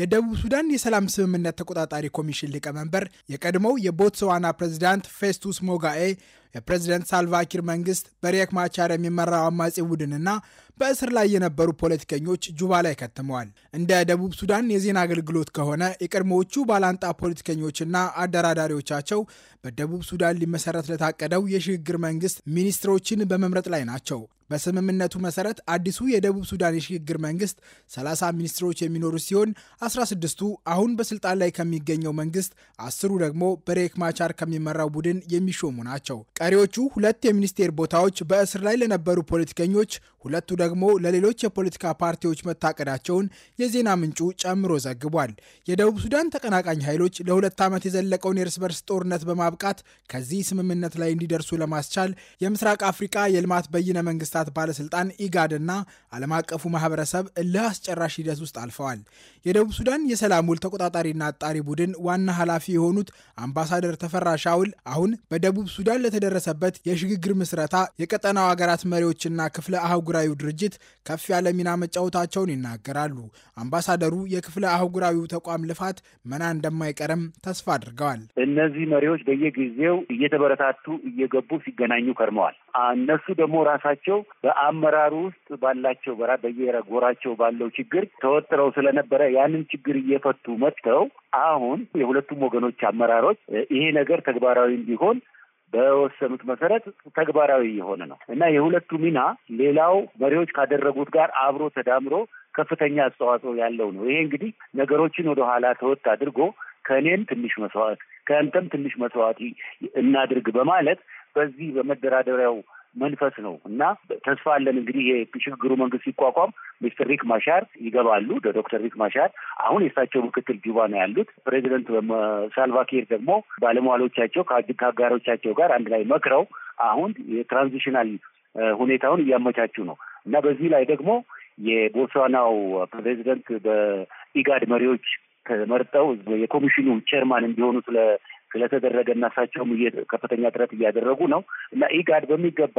የደቡብ ሱዳን የሰላም ስምምነት ተቆጣጣሪ ኮሚሽን ሊቀመንበር የቀድሞው የቦትስዋና ፕሬዚዳንት ፌስቱስ ሞጋኤ የፕሬዚደንት ሳልቫኪር መንግስት በሪክ ማቻር የሚመራው አማጺ ቡድንና በእስር ላይ የነበሩ ፖለቲከኞች ጁባ ላይ ከትመዋል። እንደ ደቡብ ሱዳን የዜና አገልግሎት ከሆነ የቀድሞዎቹ ባላንጣ ፖለቲከኞችና አደራዳሪዎቻቸው በደቡብ ሱዳን ሊመሰረት ለታቀደው የሽግግር መንግስት ሚኒስትሮችን በመምረጥ ላይ ናቸው። በስምምነቱ መሰረት አዲሱ የደቡብ ሱዳን የሽግግር መንግስት 30 ሚኒስትሮች የሚኖሩ ሲሆን 16ቱ አሁን በስልጣን ላይ ከሚገኘው መንግስት፣ አስሩ ደግሞ በሬክ ማቻር ከሚመራው ቡድን የሚሾሙ ናቸው። ቀሪዎቹ ሁለት የሚኒስቴር ቦታዎች በእስር ላይ ለነበሩ ፖለቲከኞች፣ ሁለቱ ደግሞ ለሌሎች የፖለቲካ ፓርቲዎች መታቀዳቸውን የዜና ምንጩ ጨምሮ ዘግቧል። የደቡብ ሱዳን ተቀናቃኝ ኃይሎች ለሁለት ዓመት የዘለቀውን የእርስ በርስ ጦርነት በማብቃት ከዚህ ስምምነት ላይ እንዲደርሱ ለማስቻል የምስራቅ አፍሪቃ የልማት በይነ መንግስታት የመንግስታት ባለስልጣን ኢጋድና ዓለም አቀፉ ማህበረሰብ እልህ አስጨራሽ ሂደት ውስጥ አልፈዋል። የደቡብ ሱዳን የሰላም ውል ተቆጣጣሪና አጣሪ ቡድን ዋና ኃላፊ የሆኑት አምባሳደር ተፈራ ሻውል አሁን በደቡብ ሱዳን ለተደረሰበት የሽግግር ምስረታ የቀጠናው አገራት መሪዎችና ክፍለ አህጉራዊው ድርጅት ከፍ ያለ ሚና መጫወታቸውን ይናገራሉ። አምባሳደሩ የክፍለ አህጉራዊው ተቋም ልፋት መና እንደማይቀርም ተስፋ አድርገዋል። እነዚህ መሪዎች በየጊዜው እየተበረታቱ እየገቡ ሲገናኙ ከርመዋል። እነሱ ደግሞ ራሳቸው በአመራሩ ውስጥ ባላቸው በራ ጎራቸው ባለው ችግር ተወጥረው ስለነበረ ያንን ችግር እየፈቱ መጥተው አሁን የሁለቱም ወገኖች አመራሮች ይሄ ነገር ተግባራዊ እንዲሆን በወሰኑት መሰረት ተግባራዊ የሆነ ነው እና የሁለቱ ሚና ሌላው መሪዎች ካደረጉት ጋር አብሮ ተዳምሮ ከፍተኛ አስተዋጽኦ ያለው ነው። ይሄ እንግዲህ ነገሮችን ወደኋላ ተወጥ አድርጎ ከእኔም ትንሽ መስዋዕት ከአንተም ትንሽ መስዋዕት እናድርግ በማለት በዚህ በመደራደሪያው መንፈስ ነው እና ተስፋ አለን እንግዲህ የሽግግሩ መንግስት ሲቋቋም ሚስተር ሪክ ማሻር ይገባሉ። ዶክተር ሪክ ማሻር አሁን የእሳቸው ምክትል ጁባ ነው ያሉት። ፕሬዚደንት ሳልቫኪር ደግሞ ባለሟሎቻቸው ከአጋሮቻቸው ጋር አንድ ላይ መክረው አሁን የትራንዚሽናል ሁኔታውን እያመቻቹ ነው እና በዚህ ላይ ደግሞ የቦትስዋናው ፕሬዚደንት በኢጋድ መሪዎች ተመርጠው የኮሚሽኑ ቼርማን እንዲሆኑ ስለ ስለተደረገ እና እሳቸውም ከፍተኛ ጥረት እያደረጉ ነው እና ኢጋድ በሚገባ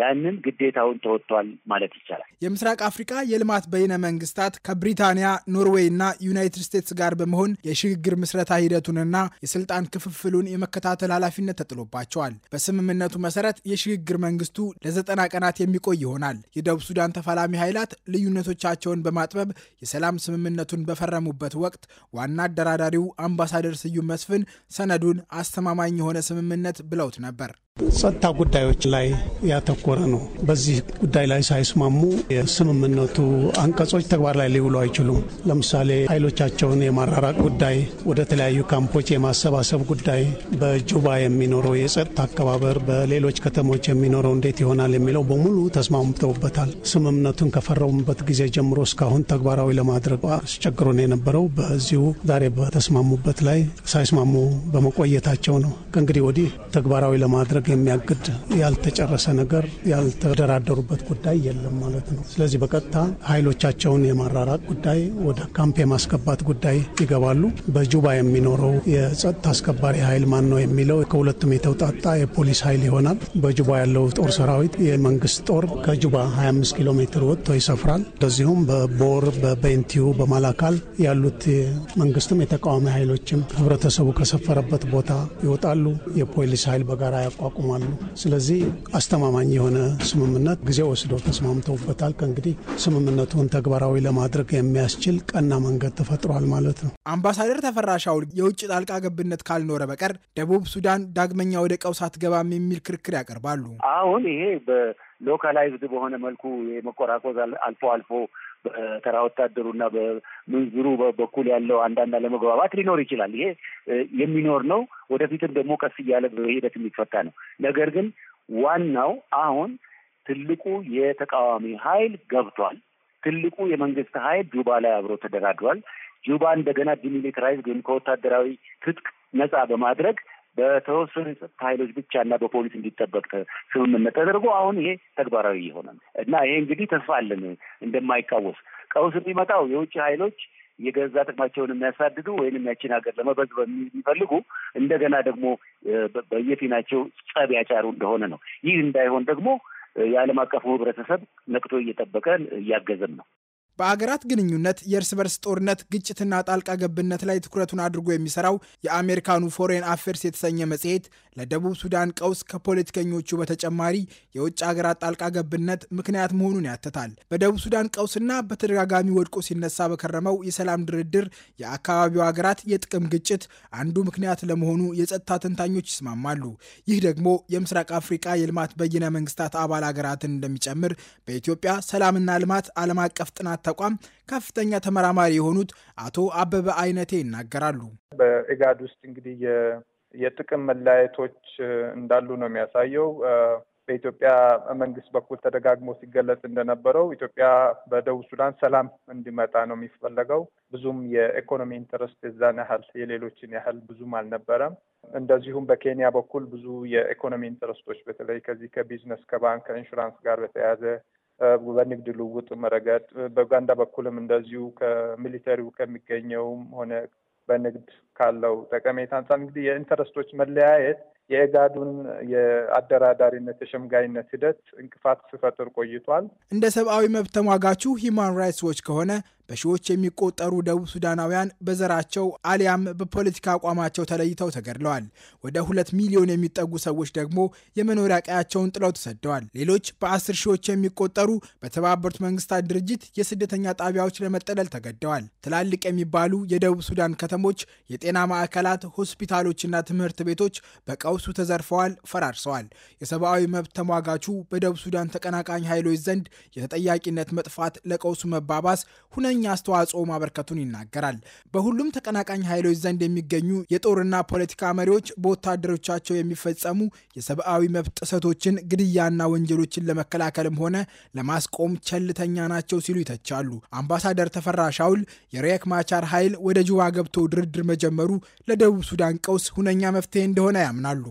ያንን ግዴታውን ተወጥቷል ማለት ይቻላል። የምስራቅ አፍሪካ የልማት በይነ መንግስታት ከብሪታንያ፣ ኖርዌይ እና ዩናይትድ ስቴትስ ጋር በመሆን የሽግግር ምስረታ ሂደቱንና የስልጣን ክፍፍሉን የመከታተል ኃላፊነት ተጥሎባቸዋል። በስምምነቱ መሰረት የሽግግር መንግስቱ ለዘጠና ቀናት የሚቆይ ይሆናል። የደቡብ ሱዳን ተፋላሚ ኃይላት ልዩነቶቻቸውን በማጥበብ የሰላም ስምምነቱን በፈረሙበት ወቅት ዋና አደራዳሪው አምባሳደር ስዩም መስፍን ሰነዱን አስተማማኝ የሆነ ስምምነት ብለውት ነበር። ጸጥታ ጉዳዮች ላይ ያተኮረ ነው። በዚህ ጉዳይ ላይ ሳይስማሙ የስምምነቱ አንቀጾች ተግባር ላይ ሊውሉ አይችሉም። ለምሳሌ ኃይሎቻቸውን የማራራቅ ጉዳይ፣ ወደ ተለያዩ ካምፖች የማሰባሰብ ጉዳይ፣ በጁባ የሚኖረው የጸጥታ አከባበር፣ በሌሎች ከተሞች የሚኖረው እንዴት ይሆናል የሚለው በሙሉ ተስማምተውበታል። ስምምነቱን ከፈረሙበት ጊዜ ጀምሮ እስካሁን ተግባራዊ ለማድረግ አስቸግሮን የነበረው በዚሁ ዛሬ በተስማሙበት ላይ ሳይስማሙ በመቆየታቸው ነው። ከእንግዲህ ወዲህ ተግባራዊ ለማድረግ ለማድረግ የሚያግድ ያልተጨረሰ ነገር ያልተደራደሩበት ጉዳይ የለም ማለት ነው። ስለዚህ በቀጥታ ኃይሎቻቸውን የማራራቅ ጉዳይ፣ ወደ ካምፕ የማስገባት ጉዳይ ይገባሉ። በጁባ የሚኖረው የጸጥታ አስከባሪ ኃይል ማን ነው የሚለው ከሁለቱም የተውጣጣ የፖሊስ ኃይል ይሆናል። በጁባ ያለው ጦር ሰራዊት የመንግስት ጦር ከጁባ 25 ኪሎ ሜትር ወጥቶ ይሰፍራል። እንደዚሁም በቦር በቤንቲዩ በማላካል ያሉት መንግስትም የተቃዋሚ ኃይሎችም ህብረተሰቡ ከሰፈረበት ቦታ ይወጣሉ። የፖሊስ ኃይል በጋራ ያቋቋ ያቆማሉ። ስለዚህ አስተማማኝ የሆነ ስምምነት ጊዜ ወስደው ተስማምተውበታል። ከእንግዲህ ስምምነቱን ተግባራዊ ለማድረግ የሚያስችል ቀና መንገድ ተፈጥሯል ማለት ነው። አምባሳደር ተፈራ ሻውል የውጭ ጣልቃ ገብነት ካልኖረ በቀር ደቡብ ሱዳን ዳግመኛ ወደ ቀውስ አትገባም የሚል ክርክር ያቀርባሉ። አሁን ይሄ በሎካላይዝድ በሆነ መልኩ የመቆራቆዝ አልፎ አልፎ በተራ ወታደሩና በምንዝሩ በኩል ያለው አንዳንድ አለመግባባት ሊኖር ይችላል። ይሄ የሚኖር ነው። ወደፊትም ደግሞ ቀስ እያለ በሂደት የሚፈታ ነው። ነገር ግን ዋናው አሁን ትልቁ የተቃዋሚ ኃይል ገብቷል። ትልቁ የመንግስት ኃይል ጁባ ላይ አብሮ ተደራድሯል። ጁባ እንደገና ዲሚሊታራይዝድ ወይም ከወታደራዊ ትጥቅ ነጻ በማድረግ በተወሰኑ የጸጥታ ኃይሎች ብቻ እና በፖሊስ እንዲጠበቅ ስምምነት ተደርጎ አሁን ይሄ ተግባራዊ የሆነ እና ይሄ እንግዲህ ተስፋ አለን እንደማይቃወስ ቀውስ የሚመጣው የውጭ ኃይሎች የገዛ ጥቅማቸውን የሚያሳድዱ ወይንም ያችን ሀገር ለመበዝ በሚፈልጉ እንደገና ደግሞ በየፊናቸው ጸብ ያጫሩ እንደሆነ ነው። ይህ እንዳይሆን ደግሞ የዓለም አቀፉ ህብረተሰብ ነቅቶ እየጠበቀን እያገዘም ነው። በአገራት ግንኙነት የእርስ በርስ ጦርነት ግጭትና ጣልቃ ገብነት ላይ ትኩረቱን አድርጎ የሚሰራው የአሜሪካኑ ፎሬን አፌርስ የተሰኘ መጽሔት ለደቡብ ሱዳን ቀውስ ከፖለቲከኞቹ በተጨማሪ የውጭ አገራት ጣልቃ ገብነት ምክንያት መሆኑን ያትታል። በደቡብ ሱዳን ቀውስና በተደጋጋሚ ወድቆ ሲነሳ በከረመው የሰላም ድርድር የአካባቢው አገራት የጥቅም ግጭት አንዱ ምክንያት ለመሆኑ የጸጥታ ተንታኞች ይስማማሉ። ይህ ደግሞ የምስራቅ አፍሪቃ የልማት በይነ መንግስታት አባል አገራትን እንደሚጨምር በኢትዮጵያ ሰላምና ልማት ዓለም አቀፍ ጥናት ተቋም ከፍተኛ ተመራማሪ የሆኑት አቶ አበበ አይነቴ ይናገራሉ። በኢጋድ ውስጥ እንግዲህ የጥቅም መለያየቶች እንዳሉ ነው የሚያሳየው። በኢትዮጵያ መንግስት በኩል ተደጋግሞ ሲገለጽ እንደነበረው ኢትዮጵያ በደቡብ ሱዳን ሰላም እንዲመጣ ነው የሚፈለገው። ብዙም የኢኮኖሚ ኢንተረስት የዛን ያህል የሌሎችን ያህል ብዙም አልነበረም። እንደዚሁም በኬንያ በኩል ብዙ የኢኮኖሚ ኢንተረስቶች በተለይ ከዚህ ከቢዝነስ ከባንክ፣ ከኢንሹራንስ ጋር በተያያዘ በንግድ ልውውጥ ረገድ በኡጋንዳ በኩልም እንደዚሁ ከሚሊተሪው ከሚገኘውም ሆነ በንግድ ካለው ጠቀሜታ አንጻር እንግዲህ የኢንተረስቶች መለያየት የኤጋዱን የአደራዳሪነት የሸምጋይነት ሂደት እንቅፋት ሲፈጥር ቆይቷል። እንደ ሰብአዊ መብት ተሟጋቹ ሂዩማን ራይትስ ዎች ከሆነ በሺዎች የሚቆጠሩ ደቡብ ሱዳናውያን በዘራቸው አሊያም በፖለቲካ አቋማቸው ተለይተው ተገድለዋል። ወደ ሁለት ሚሊዮን የሚጠጉ ሰዎች ደግሞ የመኖሪያ ቀያቸውን ጥለው ተሰደዋል። ሌሎች በአስር ሺዎች የሚቆጠሩ በተባበሩት መንግስታት ድርጅት የስደተኛ ጣቢያዎች ለመጠለል ተገደዋል። ትላልቅ የሚባሉ የደቡብ ሱዳን ከተሞች፣ የጤና ማዕከላት፣ ሆስፒታሎችና ትምህርት ቤቶች በቀውሱ ተዘርፈዋል፣ ፈራርሰዋል። የሰብአዊ መብት ተሟጋቹ በደቡብ ሱዳን ተቀናቃኝ ኃይሎች ዘንድ የተጠያቂነት መጥፋት ለቀውሱ መባባስ ሁነ ከፍተኛ አስተዋጽኦ ማበርከቱን ይናገራል። በሁሉም ተቀናቃኝ ኃይሎች ዘንድ የሚገኙ የጦርና ፖለቲካ መሪዎች በወታደሮቻቸው የሚፈጸሙ የሰብአዊ መብት ጥሰቶችን፣ ግድያና ወንጀሎችን ለመከላከልም ሆነ ለማስቆም ቸልተኛ ናቸው ሲሉ ይተቻሉ። አምባሳደር ተፈራ ሻውል የሪያክ ማቻር ኃይል ወደ ጁባ ገብቶ ድርድር መጀመሩ ለደቡብ ሱዳን ቀውስ ሁነኛ መፍትሄ እንደሆነ ያምናሉ።